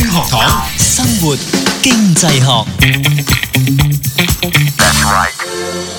學堂，生活經濟學。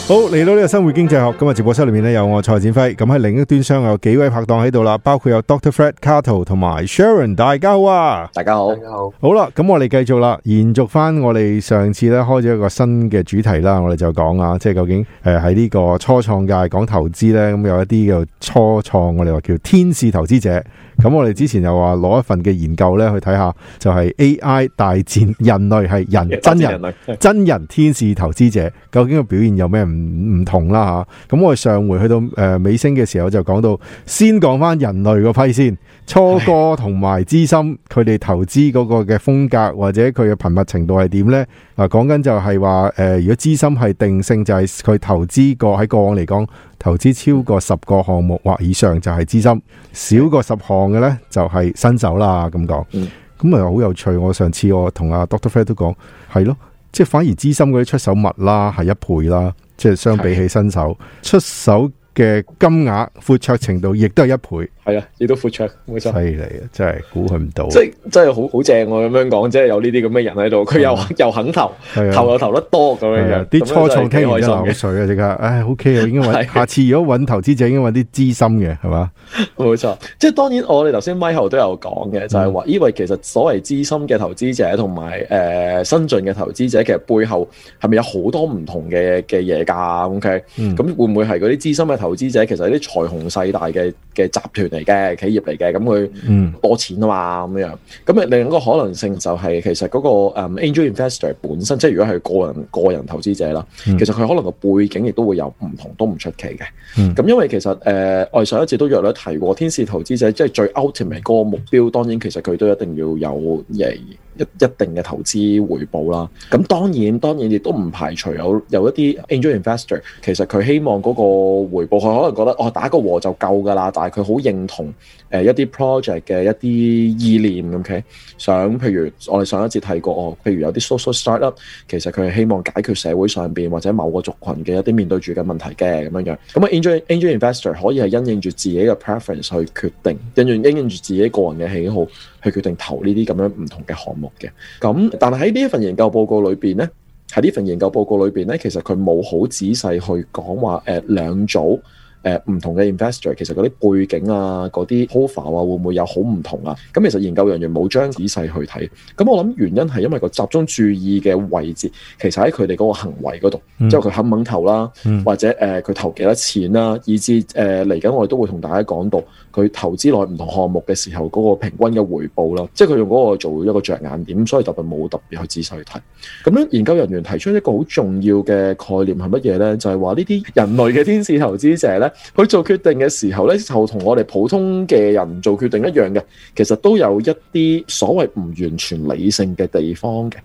好，嚟到呢個生活經濟學，今日直播室裏面呢，有我蔡展輝，咁喺另一端廂，有幾位拍檔喺度啦，包括有 Doctor Fred Carter 同埋 Sharon，大家好啊，大家好，大家好。好啦，咁我哋繼續啦，延續翻我哋上次咧，開咗一個新嘅主題啦，我哋就講啊，即係究竟誒喺呢個初創界講投資呢？咁有一啲叫初創我哋話叫天使投資者，咁我哋之前又話攞一份嘅研究呢，去睇下，就係 AI 大戰，人類係人，人類真人真人天使投資者。究竟個表現有咩唔唔同啦吓？咁我哋上回去到誒尾聲嘅時候就講到，先講翻人類個批先。初哥同埋資深，佢哋投資嗰個嘅風格或者佢嘅頻密程度係點呢？嗱，講緊就係話，誒，如果資深係定性就係、是、佢投資過喺過往嚟講，投資超過十個項目或以上就係資深，少過十項嘅呢，就係新手啦。咁講，咁咪好有趣。我上次我同阿 Doctor Phil 都講，係咯。即係反而資深嗰啲出手密啦，係一倍啦，即係相比起新手出手，嘅金額闊綽程度亦都係一倍，係啊，亦都闊綽，冇錯。犀利、嗯、啊，真係估佢唔到，即係真係好好正喎！咁樣講，即係有呢啲咁嘅人喺度，佢又又肯投、啊，投又投得多咁、啊、樣嘅。啲初創聽完真係口水啊！即刻，唉，OK 啊，應該揾，下次如果揾投資者，應該揾啲資深嘅，係嘛？冇錯，即係當然，我哋頭先 Michael 都有講嘅，就係話，因為其實所謂資深嘅投資者同埋誒新進嘅投資者，其實背後係咪有好多唔同嘅嘅嘢㗎？OK，咁、嗯、會唔會係嗰啲資深嘅投資投資者其實係啲財雄勢大嘅嘅集團嚟嘅，企業嚟嘅，咁佢多錢啊嘛咁樣。咁、嗯、啊，另一個可能性就係其實嗰、那個、嗯、angel investor 本身，即係如果係個人個人投資者啦，嗯、其實佢可能個背景亦都會有唔同，都唔出奇嘅。咁、嗯、因為其實誒、呃，我哋上一次都約你提過，天使投資者即係最 ultimate 嗰個目標、嗯，當然其實佢都一定要有嘢。一一定嘅投資回報啦。咁當然當然亦都唔排除有有一啲 angel investor 其實佢希望嗰個回報，佢可能覺得哦打個和就夠噶啦。但係佢好認同、呃、一啲 project 嘅一啲意念咁，OK。想譬如我哋上一節提過哦，譬如有啲 social startup，其實佢係希望解決社會上面或者某個族群嘅一啲面對住嘅問題嘅咁樣樣。咁啊，angel investor 可以係因應住自己嘅 preference 去決定，因應因應住自己個人嘅喜好去決定投呢啲咁樣唔同嘅項目。咁，但係喺呢一份研究報告裏邊呢，喺呢份研究報告裏邊呢，其實佢冇好仔細去講話誒兩組。誒、呃、唔同嘅 investor，其實嗰啲背景啊、嗰啲 profile 啊，會唔會有好唔同啊？咁其實研究人員冇將仔細去睇。咁我諗原因係因為個集中注意嘅位置，其實喺佢哋嗰個行為嗰度、嗯，即係佢肯唔肯投啦、嗯，或者誒佢、呃、投幾多錢啦，以至誒嚟緊我哋都會同大家講到佢投資內唔同項目嘅時候嗰個平均嘅回報啦，即係佢用嗰個做一個着眼點，所以特別冇特別去仔細去睇。咁樣研究人員提出一個好重要嘅概念係乜嘢呢？就係話呢啲人類嘅天使投資者呢。佢做決定嘅時候咧，就同我哋普通嘅人做決定一樣嘅，其實都有一啲所謂唔完全理性嘅地方嘅。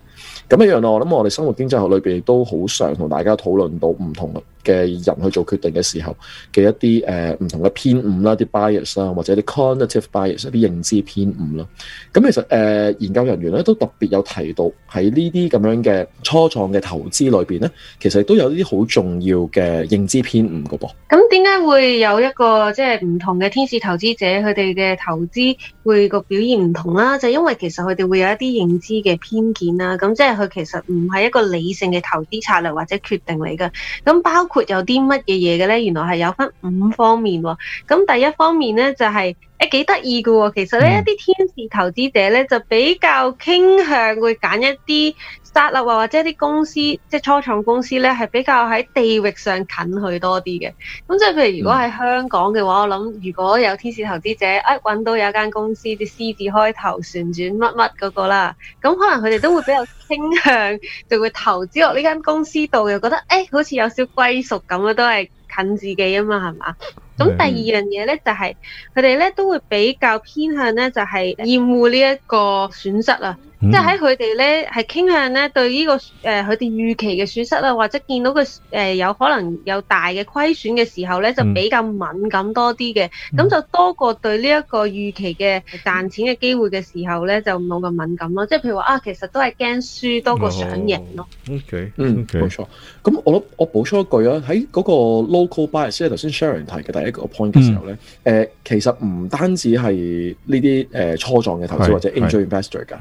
咁一樣咯，我諗我哋生活經濟學裏面都好常同大家討論到唔同嘅人去做決定嘅時候嘅一啲誒唔同嘅偏誤啦、啲 bias 啦，或者啲 cognitive bias、一啲認知偏誤啦。咁其實，呃，研究人員咧都特別有提到。喺呢啲咁樣嘅初創嘅投資裏邊呢，其實都有啲好重要嘅認知偏誤噶噃。咁點解會有一個即係唔同嘅天使投資者佢哋嘅投資會個表現唔同啦？就因為其實佢哋會有一啲認知嘅偏見啦。咁即係佢其實唔係一個理性嘅投資策略，或者決定嚟嘅。咁包括有啲乜嘢嘢嘅咧？原來係有分五方面喎。咁第一方面咧就係、是。誒幾得意嘅喎，其實咧一啲天使投資者咧、嗯、就比較傾向會揀一啲沙律或或者一啲公司，即係初創公司咧係比較喺地域上近佢多啲嘅。咁即係譬如如果係香港嘅話，我諗如果有天使投資者一揾、哎、到有一間公司，啲獅子開頭旋轉乜乜嗰個啦，咁可能佢哋都會比較傾向就會投資落呢間公司度，又覺得誒、哎、好似有少少歸屬咁啊，都係近自己啊嘛，係嘛？咁第二樣嘢咧，就係佢哋咧都會比較偏向咧，就係厭惡呢一個損失啦。嗯、即係喺佢哋咧，係傾向咧對呢、這個誒佢哋預期嘅損失啦，或者見到佢誒、呃、有可能有大嘅虧損嘅時候咧，就比較敏感多啲嘅。咁、嗯、就多過對呢一個預期嘅賺錢嘅機會嘅時候咧，就冇咁敏感咯。即係譬如話啊，其實都係驚輸多過想贏咯。哦、o、okay, K，、okay, 嗯，冇、okay. 錯。咁我諗我補充一句啊，喺嗰個 local bias 咧，頭先 Sharon 提嘅第一個 point 嘅時候咧，誒、嗯呃、其實唔單止係呢啲誒初狀嘅投資或者 angel investor 噶。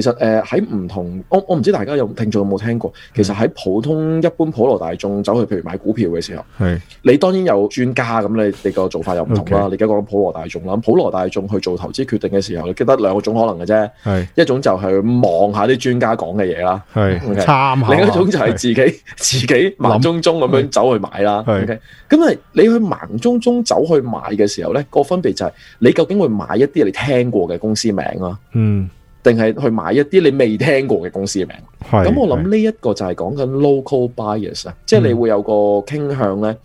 其實誒，喺、呃、唔同我我唔知大家聽有聽眾有冇聽過，其實喺普通一般普羅大眾走去，譬如買股票嘅時候，係你當然有專家咁，你你個做法又唔同啦。Okay. 你而家講普羅大眾啦，普羅大眾去做投資決定嘅時候，你記得兩個種可能嘅啫，係一種就係望、okay. 下啲專家講嘅嘢啦，係參考；另一種就係自己自己盲中中咁樣走去買啦。係咁、okay. okay. 你去盲中中走去買嘅時候咧，個分別就係你究竟會買一啲你聽過嘅公司名啊，嗯。定係去買一啲你未聽過嘅公司嘅名，係，咁我諗呢一個就係講緊 local bias 啊，即係你會有個傾向咧。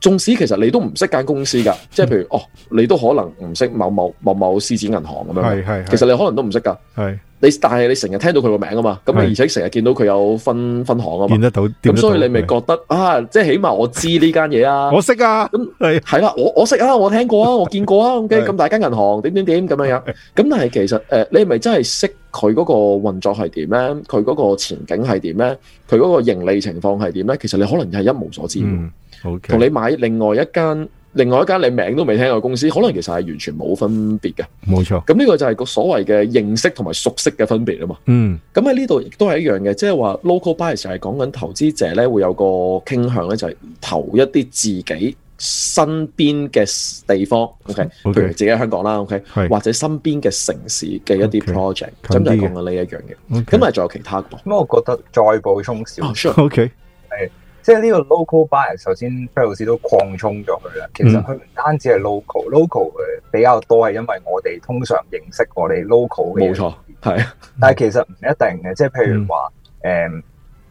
縱使其實你都唔識間公司㗎，即係譬如 哦，你都可能唔識某某某某獅子銀行咁樣。其實你可能都唔識㗎。你但係你成日聽到佢個名啊嘛，咁你而且成日見到佢有分分行啊嘛。見得到。咁所以你咪覺得啊，即係起碼我知呢間嘢啊。我識啊。咁係啦，我我識啊，我聽過啊，我見過啊。咁大間銀行點點點咁樣樣。咁但係其實你係咪真係識佢嗰個運作係點咧？佢嗰個前景係點咧？佢嗰個盈利情況係點咧？其實你可能係一無所知同、okay, 你買另外一間，另外一間你名都未聽過嘅公司，可能其實係完全冇分別嘅，冇錯。咁呢個就係個所謂嘅認識同埋熟悉嘅分別啊嘛。嗯，咁喺呢度亦都係一樣嘅，即係話 local bias 係講緊投資者咧會有個傾向咧，就係、是、投一啲自己身邊嘅地方。Okay? OK，譬如自己喺香港啦。OK，或者身邊嘅城市嘅一啲 project，咁就係講緊呢一樣嘢。咁咪仲有其他嘅？咁我覺得再補充少少。Oh, sure. OK，係、okay.。即係呢個 local bias，首先費老師都擴充咗佢啦。其實佢唔單止係 local，local、嗯、比較多係因為我哋通常認識我哋 local 嘅嘢。冇錯，係。但係其實唔一定嘅，即係譬如話誒、嗯嗯、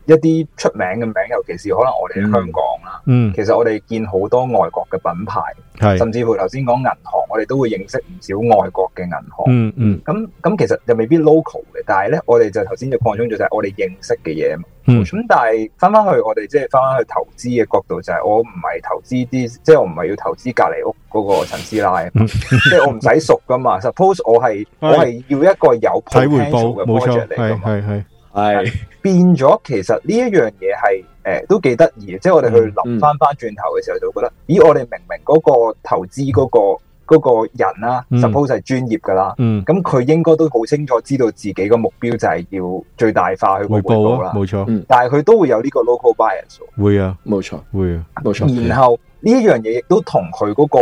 一啲出名嘅名，尤其是可能我哋香港啦。嗯，其實我哋見好多外國嘅品牌、嗯，甚至乎頭先講銀行，我哋都會認識唔少外國嘅銀行。嗯嗯，咁咁其實又未必 local。但係咧，我哋就頭先就擴充咗就係我哋認識嘅嘢啊嘛。咁、嗯、但係翻翻去我哋即係翻翻去投資嘅角度就係我唔係投資啲，即、就、係、是、我唔係要投資隔離屋嗰個陳師奶，即、嗯、係、就是、我唔使熟噶嘛。 Suppose 我係我係要一個有睇回報嘅 project 嚟，變咗。其實呢一樣嘢係誒都幾得意，即係我哋去諗翻翻轉頭嘅時候就會覺得，嗯嗯、咦！我哋明明嗰個投資嗰、那個。嗰、那個人啦、啊、suppose 係、嗯、專業嘅啦，咁、嗯、佢應該都好清楚知道自己個目標就係要最大化去回報啦，冇錯、啊嗯。但係佢都會有呢個 local bias，會啊，冇錯，會啊，冇錯、啊。然後呢一樣嘢亦都同佢嗰個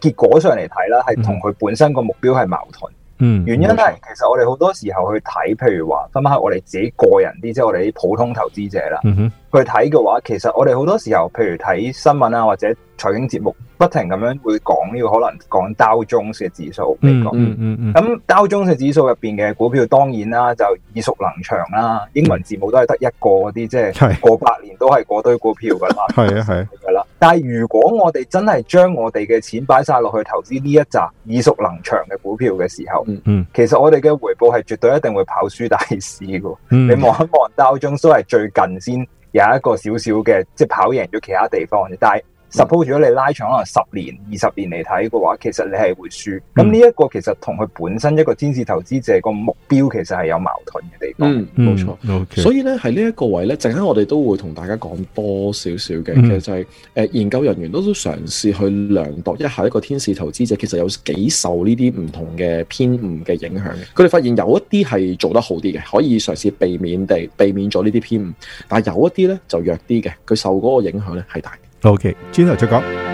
結果上嚟睇啦，係同佢本身個目標係矛盾。嗯，原因係其實我哋好多時候去睇，譬如話分返我哋自己個人啲，即、就、係、是、我哋啲普通投資者啦、嗯，去睇嘅話，其實我哋好多時候，譬如睇新聞啊，或者財經節目。不停咁樣會講呢個可能講 Dow Jones 嘅指數，嗯嗯嗯，咁、嗯嗯、Dow Jones 指數入邊嘅股票當然啦，就耳熟能詳啦，英文字母都係得一個啲，即係、就是、過百年都係嗰堆股票噶啦，係啊係啦。但係如果我哋真係將我哋嘅錢擺晒落去投資呢一紮耳熟能詳嘅股票嘅時候，嗯嗯，其實我哋嘅回報係絕對一定會跑輸大市噶、嗯。你望一望 Dow Jones 都係最近先有一個少少嘅即係跑贏咗其他地方，但係。suppose 如果你拉長可能十年、二十年嚟睇嘅話，其實你係會輸。咁呢一個其實同佢本身一個天使投資者個目標其實係有矛盾嘅地方，冇、嗯、錯。嗯 okay. 所以咧喺呢一個位咧，陣間我哋都會同大家講多少少嘅，其實就係、是、誒、呃、研究人員都都嘗試去量度一下一個天使投資者其實有幾受呢啲唔同嘅偏誤嘅影響嘅。佢哋發現有一啲係做得好啲嘅，可以嘗試避免地避免咗呢啲偏誤，但係有一啲咧就弱啲嘅，佢受嗰個影響咧係大。OK，接下就講。